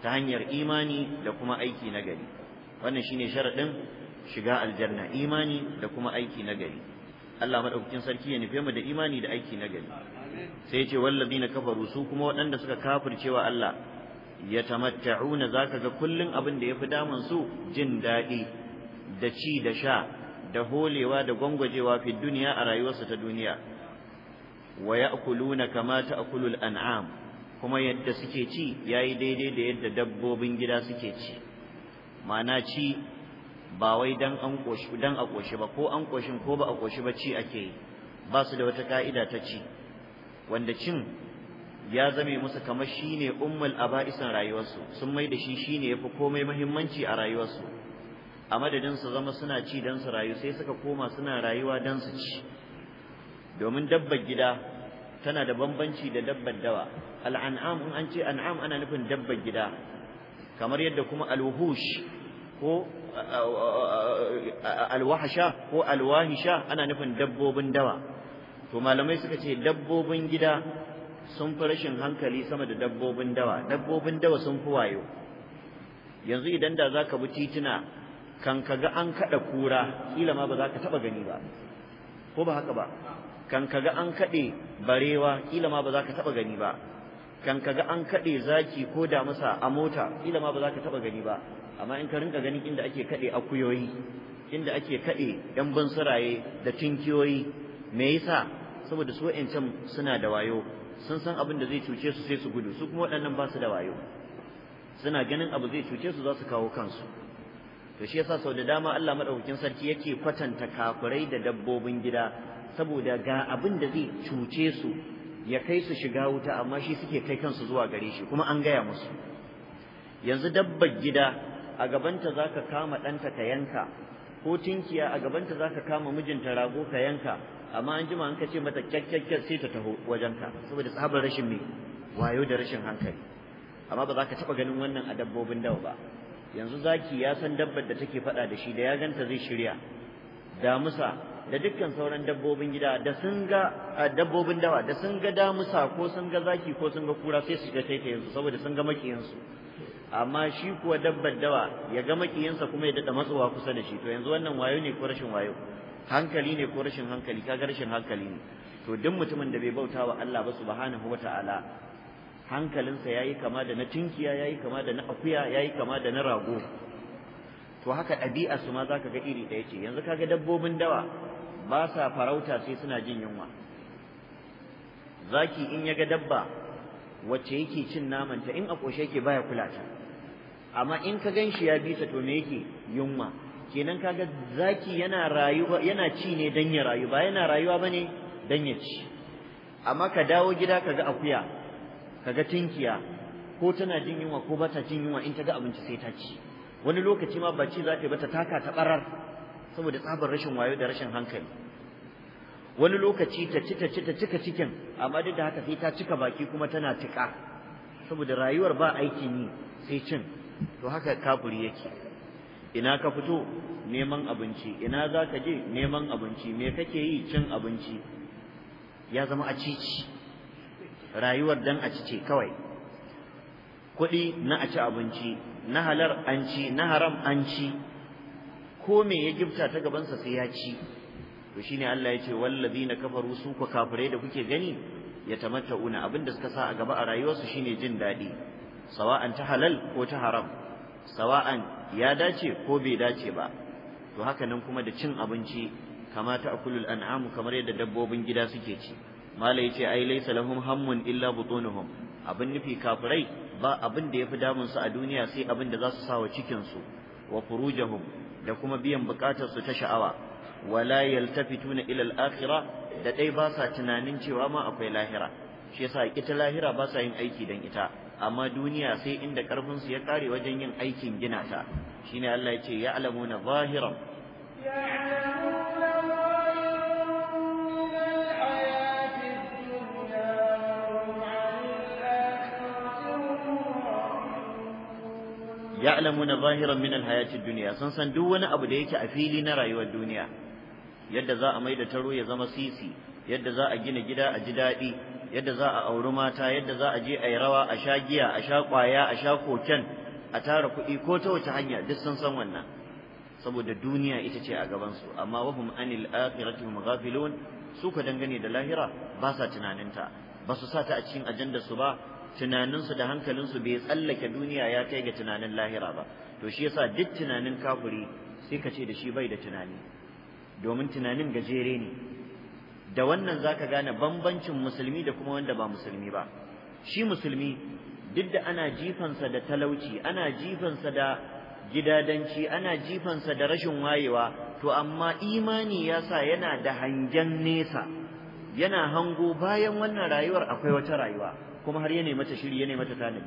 ta hanyar imani da kuma aiki na gari wannan shine sharaɗin shiga aljanna imani da kuma aiki na gari Allah madaukakin sarki ya nufe mu da imani da aiki na gari sai ya ce wallazina kafaru su kuma waɗanda suka kafircewa Allah yatamatta'una zaka ga kullum abin da yafi damun su jin daɗi da ci da sha da holewa da gwangwajewa fi duniya a rayuwarsa ta duniya wa ya'kuluna kama ta'kulu an'am kuma yadda suke ci yayi daidai da yadda dabbobin gida suke ci Mana ci ba wai dan a ƙoshi ba ko an koshin ko ba a koshi ba ci ake yi ba su da wata ka'ida ta ci wanda cin ya zame musu kamar shine ummul aba'isan rayuwarsu sun mai da shi shi ne ya fi komai mahimmanci a rayuwarsu a madadin su zama suna ci don su rayu sai suka koma suna rayuwa don su ci domin dabbar gida tana da bambanci da dabbar dawa al'an'am in an ce an'am ana nufin dabbar gida kamar yadda kuma alwuhush ko alwahasha ko alwahisha ana nufin dabbobin dawa to malamai suka ce dabbobin gida sun fi rashin hankali sama da dabbobin dawa dabbobin dawa sun fi wayo yanzu idan da za ka bi tituna kan kaga an kada kura kila ma ba za ka taba gani ba ko ba haka ba kan kaga an kade barewa kila ma ba za ka taba gani ba kan kaga an kade zaki ko da masa a mota kila ma ba za ka taba gani ba amma in ka rinka ganin inda ake kade akuyoyi inda ake kaɗe yan bansuraye da tinkiyoyi me yasa saboda su wa'ancan suna da wayo sun san abin da zai cuce su sai su gudu su kuma waɗannan ba su da wayo suna ganin abu zai cuce su za su kawo kansu to shi yasa sau da dama Allah madaukakin sarki yake kwatanta kafirai da dabbobin gida saboda ga abin da zai cuce su ya kai su shiga wuta amma shi suke kai kansu zuwa gare shi kuma an gaya musu yanzu dabbar gida a gabanta zaka kama ɗanta ka yanka ko tinkiya a gabanta zaka kama mijinta rago ka yanka amma an jima an ka mata kyakkyakkyar sai ta taho wajenka saboda tsabar rashin mai wayo da rashin hankali amma ba za ka taɓa ganin wannan a dabbobin ba yanzu zaki ya san dabbar da take faɗa da shi da ya ganta zai shirya damusa da dukkan sauran dabbobin gida da sun ga dabbobin dawa da sun ga damusa ko sun ga zaki ko sun ga kura sai su shiga yanzu saboda sun ga makiyansu amma shi kuwa dabbar dawa ya ga makiyansa kuma ya daɗa matsowa kusa da shi to yanzu wannan wayo ne ko rashin wayo hankali ne ko rashin hankali kaga rashin hankali ne to duk mutumin da bai bauta wa Allah ba subhanahu wata'ala hankalinsa yayi kama da na tinkiya yayi kama da na akuya yayi kama da na rago to haka ɗabi'a su ma zaka ga iri ɗaya ce yanzu kaga dabbobin dawa ba sa farauta sai suna jin yunwa zaki in yaga dabba wacce yake cin namanta in a koshe yake baya kula ta amma in ka gan shi ya bisa to me yake yunwa kenan kaga zaki yana rayuwa yana ci ne dan ya rayu ba yana rayuwa bane dan ya ci amma ka dawo gida kaga akuya kaga tinkiya ko tana jin yunwa ko bata jin yunwa in ta ga abinci sai ta ci wani lokaci ma ba ci za ta yi ba taka ta barar saboda tsabar rashin wayo da rashin hankali wani lokaci ta ci ta ci ta cika cikin amma duk da haka sai ta cika baki kuma tana tika saboda rayuwar ba aikin yi sai cin to haka kafuri yake ina ka fito neman abinci ina za ka je neman abinci me kake yi cin abinci ya zama a cici rayuwar dan a cice kawai kuɗi na a ci abinci na halar an ci na haram an ci ko me ya gifta ta gabansa sai ya ci to shine Allah ya ce na kafaru su ku kafirai da kuke gani ya Abin da suka sa a gaba a rayuwarsu shine jin daɗi sawa'an ta halal ko ta haram sawa'an ya dace ko bai dace ba to haka nan kuma da cin abinci kama ta'kulul an'amu kamar yadda dabbobin gida suke ci mala yace ai laysa lahum hammun illa butunuhum abin nufi kafirai ba abin da yafi damun su a duniya sai abin da za su sawa cikin su wa furujahum da kuma biyan bukatar su ta sha'awa wala yaltafituna ila al-akhirah da dai ba sa tunanin cewa ma akwai lahira shi yasa ita lahira ba sa yin aiki dan ita amma duniya sai inda karfin ya kare wajen yin aikin gina ta shine Allah ya ce ya'lamuna zahiran ya'lamuna zahiran min alhayati dunya sun san duk wani abu da yake a fili na rayuwar duniya yadda za a maida taro ya zama sisi yadda za a gina gida a ji daɗi yadda za a auri mata yadda za a je a yi rawa a sha giya a sha kwaya a sha koken a tara kuɗi ko ta wace hanya duk sun san wannan saboda duniya ita ce a gabansu amma hum anil akhirati hum ghafilun su ka dangane da lahira ba sa ta ba su sa ta a cikin ajandar su ba tunaninsu da hankalin su bai tsallake duniya ya kai ga tunanin lahira ba to shi yasa duk tunanin kafuri sai ka ce da shi bai da tunani domin tunanin gajere ne da wannan zaka gane bambancin musulmi da kuma wanda ba musulmi ba shi musulmi duk da ana jifansa da talauci ana jifansa da gidadanci ana jifansa da rashin wayewa to amma imani ya sa yana da hangen nesa yana hango bayan wannan rayuwar akwai wata rayuwa kuma har ya nemi ta shiri ya nemi tanadi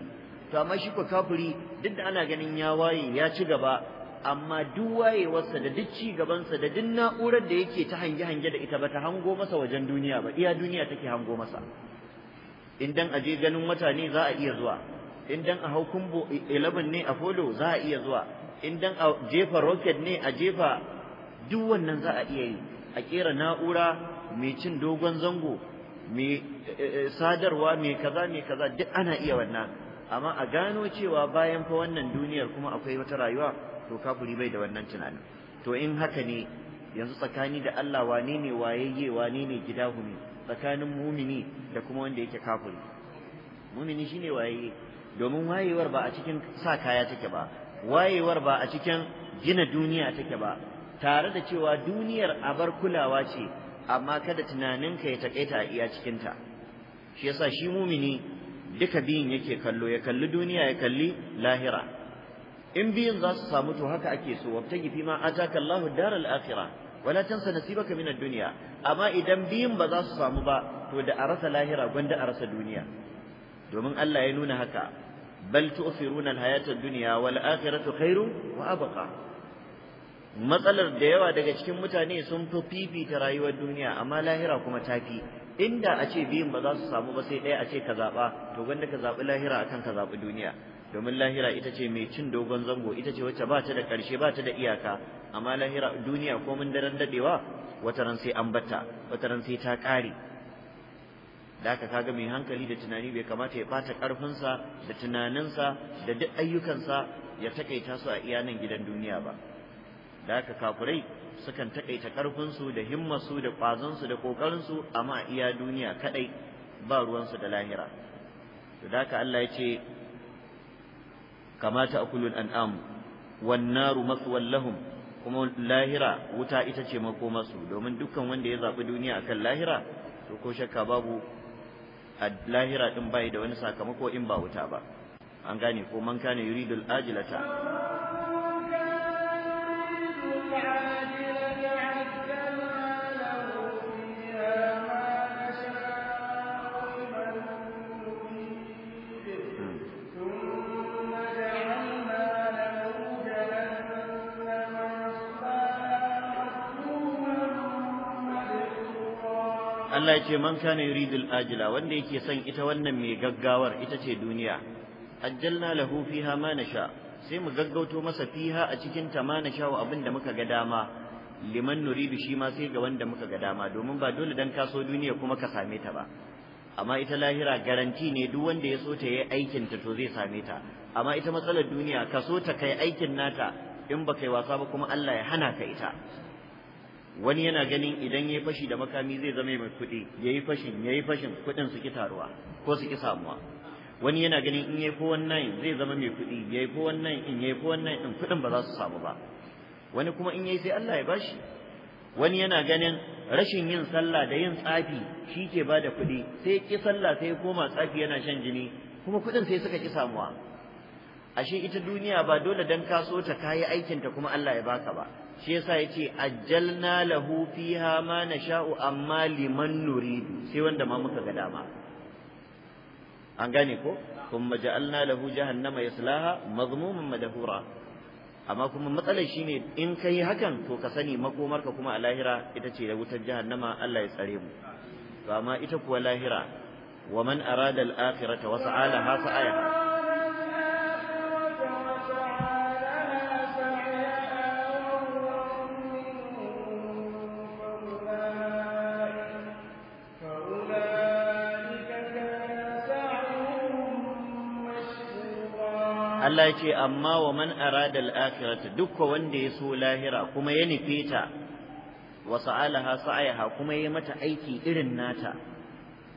to amma shi ko kafiri duk da ana ganin ya waye ya ci gaba amma duk wayewarsa da duk ci gabansa da duk na'urar da yake ta hange-hange da ita ba ta hango masa wajen duniya ba iya duniya take hango masa in dan aje ganin mutane za a iya zuwa in dan a hau kumbo 11 ne a folo za a iya zuwa in dan a jefa rocket ne a jefa duk wannan za a iya yi a kera na'ura mai cin dogon zango mai eh, eh, sadarwa mai kaza mai kaza duk ana iya wannan amma a gano cewa bayan fa wannan duniyar kuma akwai wata rayuwa to kafiri bai da wannan tunanin to in haka ne yanzu tsakani da Allah wane ne wayayye wane ne ne tsakanin mumini da kuma wanda yake kafiri mumini shine wayayye domin wayewar ba a cikin sa kaya take ba wayewar ba a cikin gina duniya take ba tare da cewa duniyar a bar kulawa ce amma kada tunanin ka ya takaita a iya cikinta shi yasa shi mumini duka biyun yake kallo ya kalli duniya ya kalli lahira in biyun za su samu to haka ake so wabtagi fi ma taka Allahu daral akhirah wala tansa nasibaka min ad-dunya amma idan biyun ba za su samu ba to da a rasa lahira gwanda a rasa duniya domin Allah ya nuna haka bal tu'thiruna al-hayata ad-dunya wal akhiratu khairu wa abqa matsalar da yawa daga cikin mutane sun fi fifita rayuwar duniya amma lahira kuma tafi inda a ce biyun ba za su samu ba sai ɗaya a ce ka zaɓa to gwanda ka zaɓi lahira akan ka zaɓi duniya domin lahira ita ce mai cin dogon zango ita ce wacce ba ta da ƙarshe ba ta da iyaka amma lahira duniya ko mun daren dadewa wata ran sai an bata wata ran sai ta ƙare da haka kaga mai hankali da tunani bai kamata ya ɓata ƙarfinsa da tunaninsa da duk ayyukansa ya takaita su a iyanan gidan duniya ba da haka kafurai sukan takaita ƙarfinsu da himmarsu da ƙwazonsu da ƙoƙarinsu amma a iya duniya kaɗai ba ruwansu da lahira to da haka Allah ya ce kama ta'kulul an'am wan wannaru masu lahum kuma lahira wuta ita ce makomarsu domin dukkan wanda ya zaɓi duniya akan lahira to ko shakka babu a lahira din bai da wani sakamako in ba wuta ba an gane ko man kana yuridul ajilata Allah ya ce man kana yuridul ajila wanda yake son ita wannan mai gaggawar ita ce duniya ajjalna lahu fiha ma nasha sai mu gaggauto masa fiha a cikin ta ma nasha wa abin da muka ga dama liman nuridu shi ma sai ga wanda muka ga dama domin ba dole dan kaso duniya kuma ka same ta ba amma ita lahira garanti ne duk wanda ya so ta yi aikin ta to zai same ta amma ita matsalar duniya ka so ta kai aikin nata in ba kai wasa ba kuma Allah ya hana ka ita wani yana ganin idan ya fashi da makami zai zama mai kuɗi ya yi fashin ya yi fashin kuɗin su ki taruwa ko su ki samuwa wani yana ganin in ya yi wannan zai zama mai kuɗi ya yi wannan in ya yi wannan in kuɗin ba za su samu ba wani kuma in ya yi sai Allah ya bashi wani yana ganin rashin yin sallah da yin tsafi shi ke ba da kuɗi sai ki sallah sai koma tsafi yana shan jini kuma kuɗin sai suka ki samuwa ashe ita duniya ba dole dan ka so ta kayi aikinta kuma Allah ya baka ba shi yasa ce ajjalna lahu fiha ma nasha'u amma liman nuridu sai wanda ma muka ga dama an gane ko kuma ja'alna lahu jahannama yaslaha madhmuman madhura amma kuma matsalar shine in kai hakan to ka sani makomarka kuma a lahira ita ce da wutar jahannama Allah ya tsare mu to amma ita kuwa lahira wa man arada al-akhirata wa sa'alaha sa'ayaha Allah ce amma wa man arada al-akhirata duk wanda ya so lahira kuma ya nufe ta wa sa'alaha ayaha kuma ya mata aiki irin nata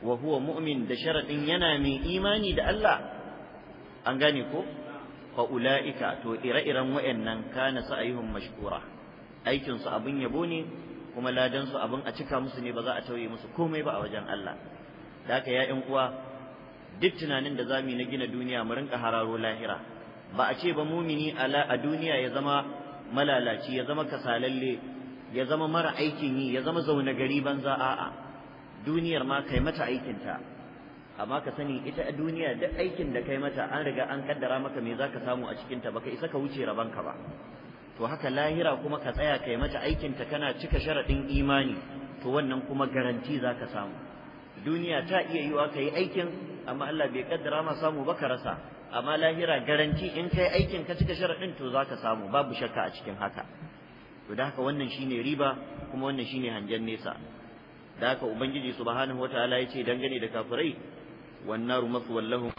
wa huwa mu'min da sharadin yana mai imani da Allah an gane ko fa ulaika to ire-iren wayannan kana sa'ayuhum mashkura aikin su abin yabo ne kuma ladan su abun a cika musu ne ba za a tauye musu komai ba a wajen Allah da haka ya uwa duk tunanin da zamu na gina duniya mu rinka hararo lahira ba a ce ba mumini a duniya ya zama malalaci ya zama kasalalle ya zama mara aikin yi ya zama zaune gari banza a'a duniyar ma kai mata aikinta amma ka sani ita a duniya duk aikin da kai mata an riga an kaddara maka me zaka samu a cikinta baka isa ka wuce rabanka ba to haka lahira kuma ka tsaya kai mata aikinta kana cika sharaɗin imani to wannan kuma garanti zaka samu duniya ta iya yiwa ka yi aikin amma Allah bai kaddara ma samu ba ka rasa amma lahira garanti in kai aikin ka cika sharaɗin to zaka samu babu shakka a cikin haka to da haka wannan shine riba kuma wannan shine hangen nesa da haka ubangiji subhanahu wataala yace dangane da kafirai wan naru